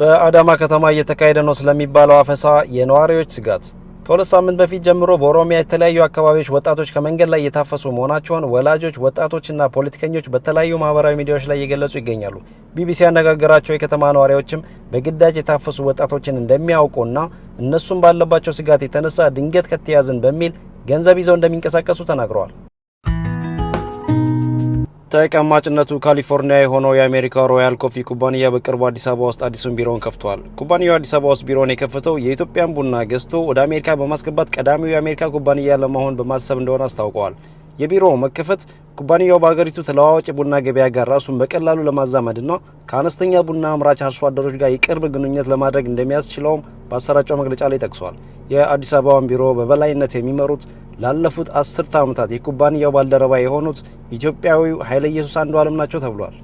በአዳማ ከተማ እየተካሄደ ነው ስለሚባለው አፈሳ የነዋሪዎች ስጋት ከሁለት ሳምንት በፊት ጀምሮ በኦሮሚያ የተለያዩ አካባቢዎች ወጣቶች ከመንገድ ላይ እየታፈሱ መሆናቸውን ወላጆች፣ ወጣቶችና ፖለቲከኞች በተለያዩ ማህበራዊ ሚዲያዎች ላይ እየገለጹ ይገኛሉ። ቢቢሲ ያነጋገራቸው የከተማ ነዋሪዎችም በግዳጅ የታፈሱ ወጣቶችን እንደሚያውቁና እነሱም ባለባቸው ስጋት የተነሳ ድንገት ከተያዝን በሚል ገንዘብ ይዘው እንደሚንቀሳቀሱ ተናግረዋል። ተቀማጭነቱ ካሊፎርኒያ የሆነው የአሜሪካ ሮያል ኮፊ ኩባንያ በቅርቡ አዲስ አበባ ውስጥ አዲሱን ቢሮውን ከፍቷል። ኩባንያው አዲስ አበባ ውስጥ ቢሮውን የከፈተው የኢትዮጵያን ቡና ገዝቶ ወደ አሜሪካ በማስገባት ቀዳሚው የአሜሪካ ኩባንያ ለመሆን በማሰብ እንደሆነ አስታውቀዋል። የቢሮው መከፈት ኩባንያው በሀገሪቱ ተለዋዋጭ ቡና ገበያ ጋር ራሱን በቀላሉ ለማዛመድና ከአነስተኛ ቡና አምራች አርሶ አደሮች ጋር የቅርብ ግንኙነት ለማድረግ እንደሚያስችለውም በአሰራጫው መግለጫ ላይ ጠቅሷል። የአዲስ አበባን ቢሮ በበላይነት የሚመሩት ላለፉት አስርተ ዓመታት የኩባንያው ባልደረባ የሆኑት ኢትዮጵያዊው ኃይለ ኢየሱስ አለም ናቸው ተብሏል።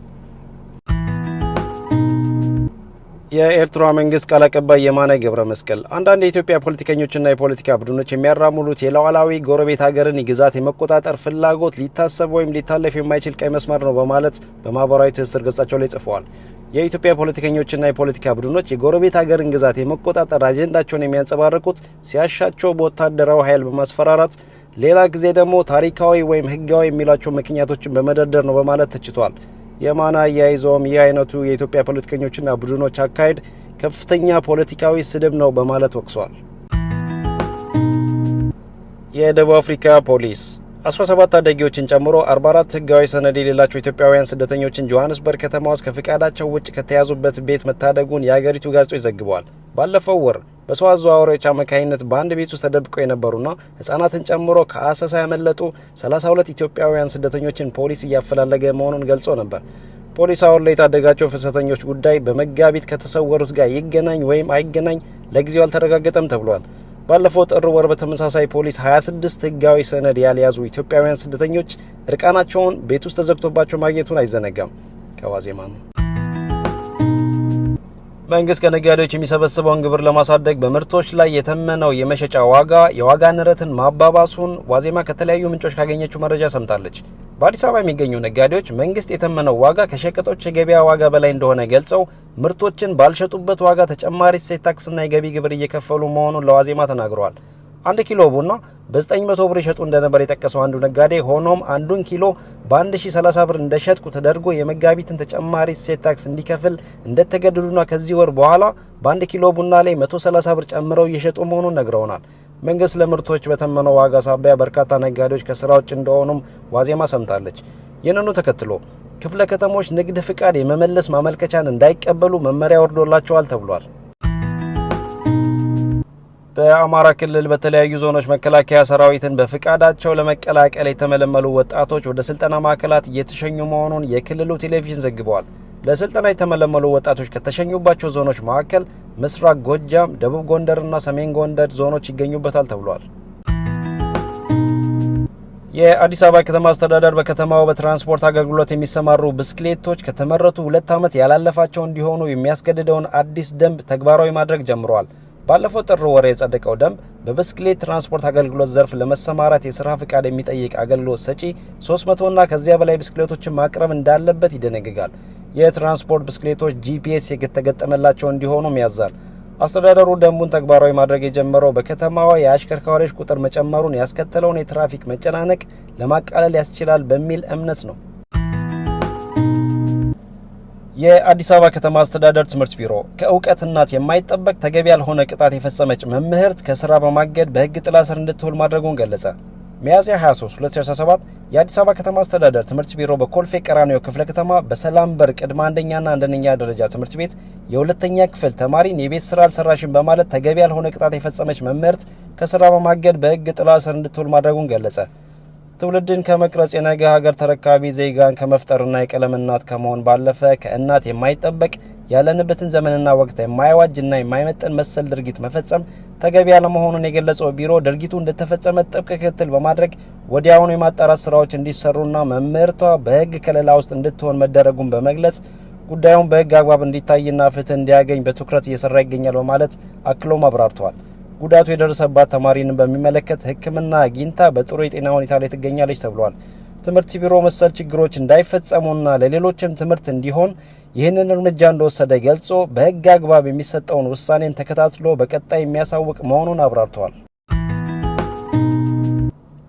የኤርትራ መንግስት ቃል አቀባይ የማነ ገብረ መስቀል አንዳንድ የኢትዮጵያ ፖለቲከኞችና የፖለቲካ ቡድኖች የሚያራምዱት የሉዓላዊ ጎረቤት ሀገርን ግዛት የመቆጣጠር ፍላጎት ሊታሰብ ወይም ሊታለፍ የማይችል ቀይ መስመር ነው በማለት በማህበራዊ ትስስር ገጻቸው ላይ ጽፈዋል። የኢትዮጵያ ፖለቲከኞችና የፖለቲካ ቡድኖች የጎረቤት ሀገርን ግዛት የመቆጣጠር አጀንዳቸውን የሚያንጸባርቁት ሲያሻቸው በወታደራዊ ኃይል በማስፈራራት ሌላ ጊዜ ደግሞ ታሪካዊ ወይም ህጋዊ የሚሏቸው ምክንያቶችን በመደርደር ነው በማለት ተችቷል። የማነ አያይዘውም ይህ አይነቱ የኢትዮጵያ ፖለቲከኞችና ቡድኖች አካሄድ ከፍተኛ ፖለቲካዊ ስድብ ነው በማለት ወቅሷል። የደቡብ አፍሪካ ፖሊስ 17 ታዳጊዎችን ጨምሮ 44 ህጋዊ ሰነድ የሌላቸው ኢትዮጵያውያን ስደተኞችን ጆሃንስበርግ ከተማ ውስጥ ከፍቃዳቸው ውጭ ከተያዙበት ቤት መታደጉን የአገሪቱ ጋዜጦች ዘግበዋል። ባለፈው ወር በሰው አዘዋዋሪዎች አማካኝነት በአንድ ቤት ውስጥ ተደብቀው የነበሩና ህጻናትን ጨምሮ ከአሰሳ ያመለጡ 32 ኢትዮጵያውያን ስደተኞችን ፖሊስ እያፈላለገ መሆኑን ገልጾ ነበር። ፖሊስ አሁን ላይ የታደጋቸው ፍልሰተኞች ጉዳይ በመጋቢት ከተሰወሩት ጋር ይገናኝ ወይም አይገናኝ ለጊዜው አልተረጋገጠም ተብሏል። ባለፈው ጥር ወር በተመሳሳይ ፖሊስ 26 ህጋዊ ሰነድ ያልያዙ ኢትዮጵያውያን ስደተኞች እርቃናቸውን ቤት ውስጥ ተዘግቶባቸው ማግኘቱን አይዘነጋም። ከዋዜማ ነው። መንግስት ከነጋዴዎች የሚሰበስበውን ግብር ለማሳደግ በምርቶች ላይ የተመነው የመሸጫ ዋጋ የዋጋ ንረትን ማባባሱን ዋዜማ ከተለያዩ ምንጮች ካገኘችው መረጃ ሰምታለች። በአዲስ አበባ የሚገኙ ነጋዴዎች መንግስት የተመነው ዋጋ ከሸቀጦች የገበያ ዋጋ በላይ እንደሆነ ገልጸው ምርቶችን ባልሸጡበት ዋጋ ተጨማሪ እሴት ታክስና የገቢ ግብር እየከፈሉ መሆኑን ለዋዜማ ተናግረዋል። አንድ ኪሎ ቡና በ900 ብር ይሸጡ እንደነበር የጠቀሰው አንዱ ነጋዴ ሆኖም አንዱን ኪሎ በ1030 ብር እንደሸጥኩ ተደርጎ የመጋቢትን ተጨማሪ እሴት ታክስ እንዲከፍል እንደተገደዱና ከዚህ ወር በኋላ በአንድ ኪሎ ቡና ላይ 130 ብር ጨምረው እየሸጡ መሆኑን ነግረውናል። መንግስት ለምርቶች በተመነው ዋጋ ሳቢያ በርካታ ነጋዴዎች ከስራ ውጭ እንደሆኑም ዋዜማ ሰምታለች። ይህንኑ ተከትሎ ክፍለ ከተሞች ንግድ ፍቃድ የመመለስ ማመልከቻን እንዳይቀበሉ መመሪያ ወርዶላቸዋል ተብሏል። በአማራ ክልል በተለያዩ ዞኖች መከላከያ ሰራዊትን በፍቃዳቸው ለመቀላቀል የተመለመሉ ወጣቶች ወደ ስልጠና ማዕከላት እየተሸኙ መሆኑን የክልሉ ቴሌቪዥን ዘግበዋል። ለስልጠና የተመለመሉ ወጣቶች ከተሸኙባቸው ዞኖች መካከል ምስራቅ ጎጃም፣ ደቡብ ጎንደርና ሰሜን ጎንደር ዞኖች ይገኙበታል ተብሏል። የአዲስ አበባ ከተማ አስተዳደር በከተማው በትራንስፖርት አገልግሎት የሚሰማሩ ብስክሌቶች ከተመረቱ ሁለት ዓመት ያላለፋቸው እንዲሆኑ የሚያስገድደውን አዲስ ደንብ ተግባራዊ ማድረግ ጀምረዋል። ባለፈው ጥር ወር የጸደቀው ደንብ በብስክሌት ትራንስፖርት አገልግሎት ዘርፍ ለመሰማራት የስራ ፍቃድ የሚጠይቅ አገልግሎት ሰጪ 300ና ከዚያ በላይ ብስክሌቶችን ማቅረብ እንዳለበት ይደነግጋል። የትራንስፖርት ብስክሌቶች ጂፒኤስ የተገጠመላቸው እንዲሆኑም ያዛል። አስተዳደሩ ደንቡን ተግባራዊ ማድረግ የጀመረው በከተማዋ የአሽከርካሪዎች ቁጥር መጨመሩን ያስከተለውን የትራፊክ መጨናነቅ ለማቃለል ያስችላል በሚል እምነት ነው። የአዲስ አበባ ከተማ አስተዳደር ትምህርት ቢሮ ከእውቀት እናት የማይጠበቅ ተገቢ ያልሆነ ቅጣት የፈጸመች መምህርት ከስራ በማገድ በህግ ጥላ ስር እንድትውል ማድረጉን ገለጸ። ሚያዝያ 23 2017 የአዲስ አበባ ከተማ አስተዳደር ትምህርት ቢሮ በኮልፌ ቀራኒዮ ክፍለ ከተማ በሰላም በር ቅድመ አንደኛና አንደኛ ደረጃ ትምህርት ቤት የሁለተኛ ክፍል ተማሪን የቤት ስራ አልሰራሽን በማለት ተገቢ ያልሆነ ቅጣት የፈጸመች መምህርት ከስራ በማገድ በህግ ጥላ ስር እንድትውል ማድረጉን ገለጸ። ትውልድን ከመቅረጽ የነገ ሀገር ተረካቢ ዜጋን ከመፍጠርና የቀለም እናት ከመሆን ባለፈ ከእናት የማይጠበቅ ያለንበትን ዘመንና ወቅት የማይዋጅና የማይመጠን መሰል ድርጊት መፈጸም ተገቢ ያለመሆኑን የገለጸው ቢሮ ድርጊቱ እንደተፈጸመ ጥብቅ ክትትል በማድረግ ወዲያውኑ የማጣራት ስራዎች እንዲሰሩና መምህርቷ በሕግ ከለላ ውስጥ እንድትሆን መደረጉን በመግለጽ ጉዳዩን በሕግ አግባብ እንዲታይና ፍትህ እንዲያገኝ በትኩረት እየሰራ ይገኛል በማለት አክሎም አብራርተዋል። ጉዳቱ የደረሰባት ተማሪን በሚመለከት ሕክምና አግኝታ በጥሩ የጤና ሁኔታ ላይ ትገኛለች ተብሏል። ትምህርት ቢሮ መሰል ችግሮች እንዳይፈጸሙና ለሌሎችም ትምህርት እንዲሆን ይህንን እርምጃ እንደወሰደ ገልጾ በሕግ አግባብ የሚሰጠውን ውሳኔም ተከታትሎ በቀጣይ የሚያሳውቅ መሆኑን አብራርተዋል።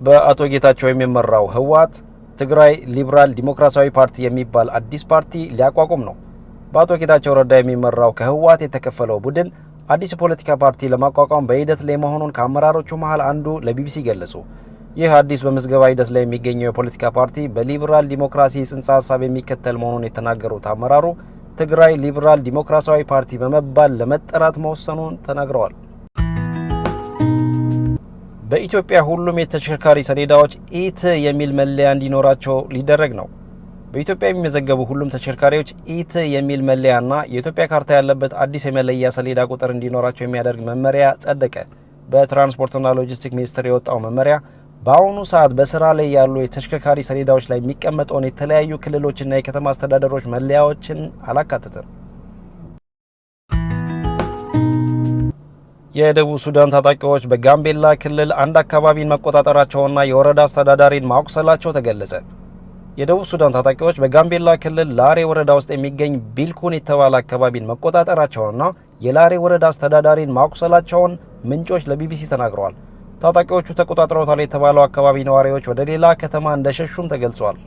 በአቶ ጌታቸው የሚመራው ህወሓት ትግራይ ሊብራል ዲሞክራሲያዊ ፓርቲ የሚባል አዲስ ፓርቲ ሊያቋቁም ነው። በአቶ ጌታቸው ረዳ የሚመራው ከህወሓት የተከፈለው ቡድን አዲስ የፖለቲካ ፓርቲ ለማቋቋም በሂደት ላይ መሆኑን ከአመራሮቹ መሀል አንዱ ለቢቢሲ ገለጹ። ይህ አዲስ በምዝገባ ሂደት ላይ የሚገኘው የፖለቲካ ፓርቲ በሊበራል ዲሞክራሲ ጽንሰ ሀሳብ የሚከተል መሆኑን የተናገሩት አመራሩ ትግራይ ሊበራል ዲሞክራሲያዊ ፓርቲ በመባል ለመጠራት መወሰኑን ተናግረዋል። በኢትዮጵያ ሁሉም የተሽከርካሪ ሰሌዳዎች ኢት የሚል መለያ እንዲኖራቸው ሊደረግ ነው። በኢትዮጵያ የሚመዘገቡ ሁሉም ተሽከርካሪዎች ኢት የሚል መለያና የኢትዮጵያ ካርታ ያለበት አዲስ የመለያ ሰሌዳ ቁጥር እንዲኖራቸው የሚያደርግ መመሪያ ጸደቀ። በትራንስፖርትና ሎጂስቲክ ሚኒስቴር የወጣው መመሪያ በአሁኑ ሰዓት በስራ ላይ ያሉ የተሽከርካሪ ሰሌዳዎች ላይ የሚቀመጠውን የተለያዩ ክልሎችና የከተማ አስተዳደሮች መለያዎችን አላካትትም። የደቡብ ሱዳን ታጣቂዎች በጋምቤላ ክልል አንድ አካባቢን መቆጣጠራቸውና የወረዳ አስተዳዳሪን ማቁሰላቸው ተገለጸ። የደቡብ ሱዳን ታጣቂዎች በጋምቤላ ክልል ላሬ ወረዳ ውስጥ የሚገኝ ቢልኩን የተባለ አካባቢን መቆጣጠራቸውንና የላሬ ወረዳ አስተዳዳሪን ማቁሰላቸውን ምንጮች ለቢቢሲ ተናግረዋል። ታጣቂዎቹ ተቆጣጥረውታል የተባለው አካባቢ ነዋሪዎች ወደ ሌላ ከተማ እንደሸሹም ተገልጿል።